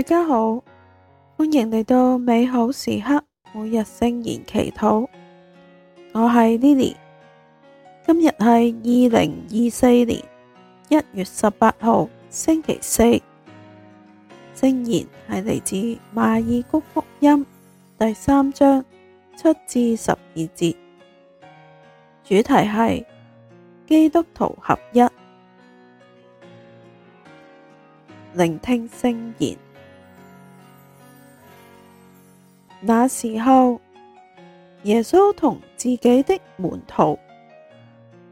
大家好，歡迎嚟到美好時刻每日聖言祈禱。我係 Lily，今日係二零二四年一月十八號星期四，聖言係嚟自馬爾谷福音第三章七至十二節，主題係基督徒合一，聆聽聖言。那時候，耶穌同自己的門徒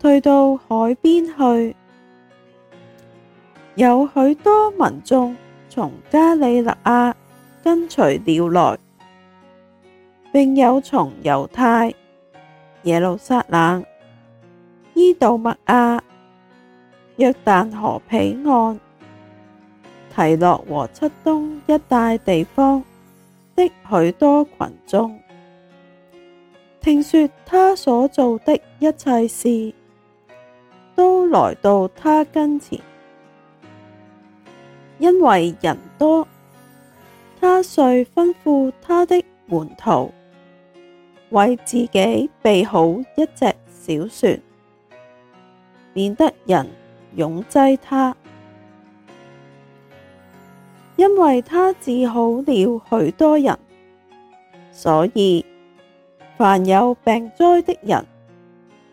退到海邊去，有許多民眾從加里肋亞跟隨了來，並有從猶太、耶路撒冷、依杜默雅、約旦河彼岸、提洛和漆冬一帶地方。的許多群眾，聽說他所做的一切事，都來到他跟前。因為人多，他遂吩咐他的門徒，為自己備好一隻小船，免得人擁擠他。因為他治好了許多人，所以凡有病災的人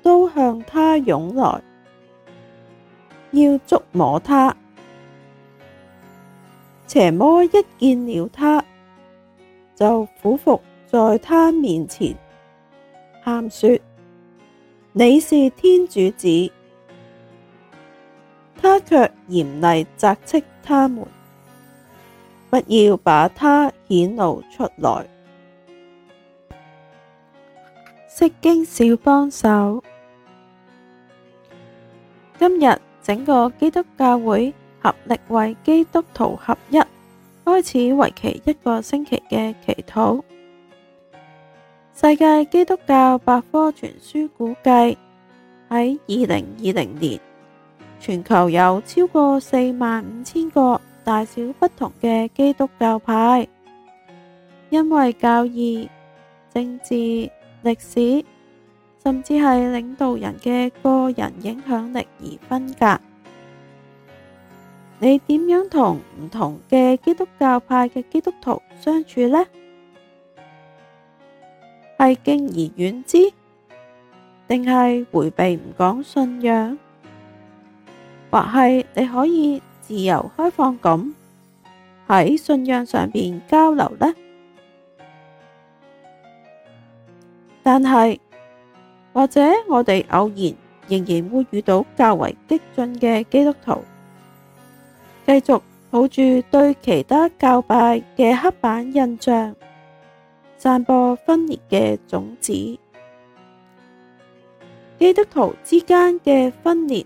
都向他湧來，要觸摸他。邪魔一見了他，就俯伏在他面前，喊說：你是天主子。他卻嚴厲責斥他們。不要把它顯露出來。釋經小幫手，今日整個基督教會合力為基督徒合一，開始為期一個星期嘅祈禱。世界基督教百科全書估計喺二零二零年，全球有超過四萬五千個。大小不同嘅基督教派，因為教義、政治、歷史，甚至係領導人嘅個人影響力而分隔。你點樣同唔同嘅基督教派嘅基督徒相處呢？係敬而遠之，定係回避唔講信仰，或係你可以自由開放咁喺信仰上面交流咧，但係或者我哋偶然仍然會遇到較為激進嘅基督徒，繼續抱住對其他教派嘅刻板印象，散播分裂嘅種子。基督徒之間嘅分裂。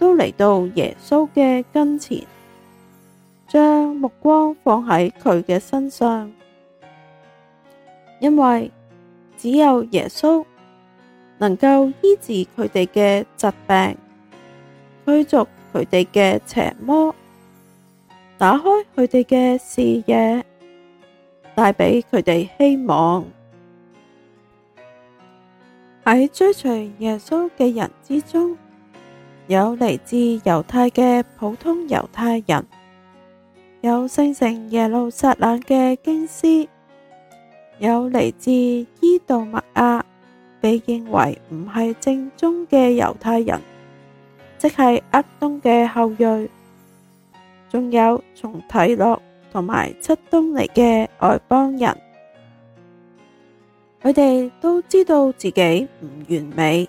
都嚟到耶穌嘅跟前，將目光放喺佢嘅身上，因為只有耶穌能夠醫治佢哋嘅疾病，驅逐佢哋嘅邪魔，打開佢哋嘅視野，帶畀佢哋希望。喺追隨耶穌嘅人之中，有嚟自猶太嘅普通猶太人，有聖城耶路撒冷嘅經師，有嚟自依杜默雅被認為唔係正宗嘅猶太人，即係厄東嘅後裔，仲有從提洛同埋漆冬嚟嘅外邦人，佢哋都知道自己唔完美。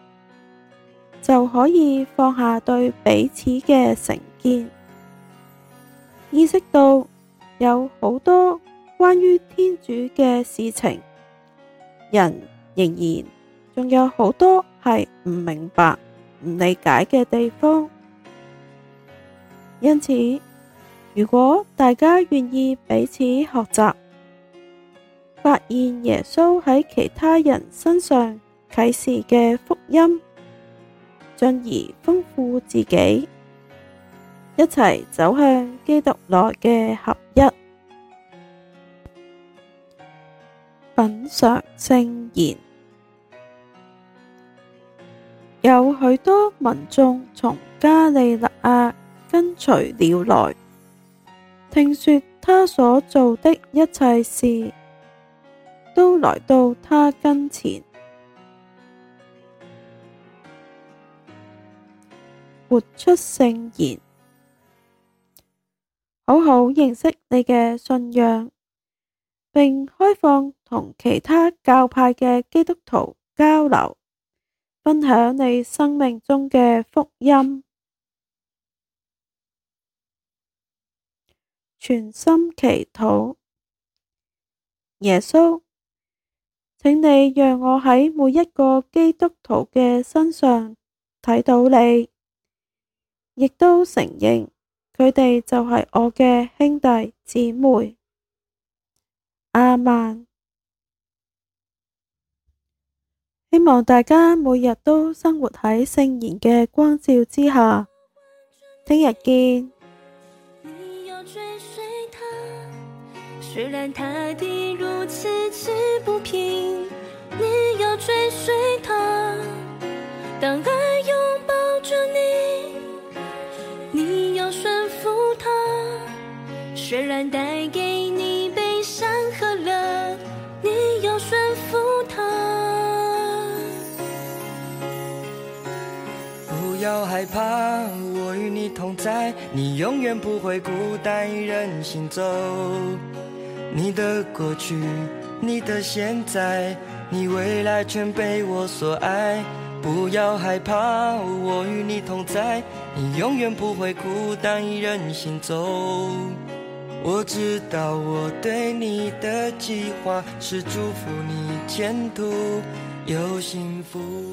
就可以放下對彼此嘅成見，意識到有好多關於天主嘅事情，人仍然仲有好多係唔明白、唔理解嘅地方。因此，如果大家願意彼此學習，發現耶穌喺其他人身上啟示嘅福音。進而豐富自己，一齊走向基督內嘅合一，品嘗聖言。有許多民眾從加里肋亞跟隨了來，聽說他所做的一切事，都來到他跟前。活出聖言，好好認識你嘅信仰，並開放同其他教派嘅基督徒交流，分享你生命中嘅福音。全心祈禱，耶穌，請你讓我喺每一個基督徒嘅身上睇到你。亦都承認，佢哋就係我嘅兄弟姊妹。阿曼，希望大家每日都生活喺聖言嘅光照之下。聽日見。帶給你悲傷和樂，你要馴服它。不要害怕，我與你同在，你永遠不會孤單一人行走。你的過去，你的現在，你未來全被我所愛。不要害怕，我與你同在，你永遠不會孤單一人行走。我知道我對你的計劃是祝福你前途有幸福。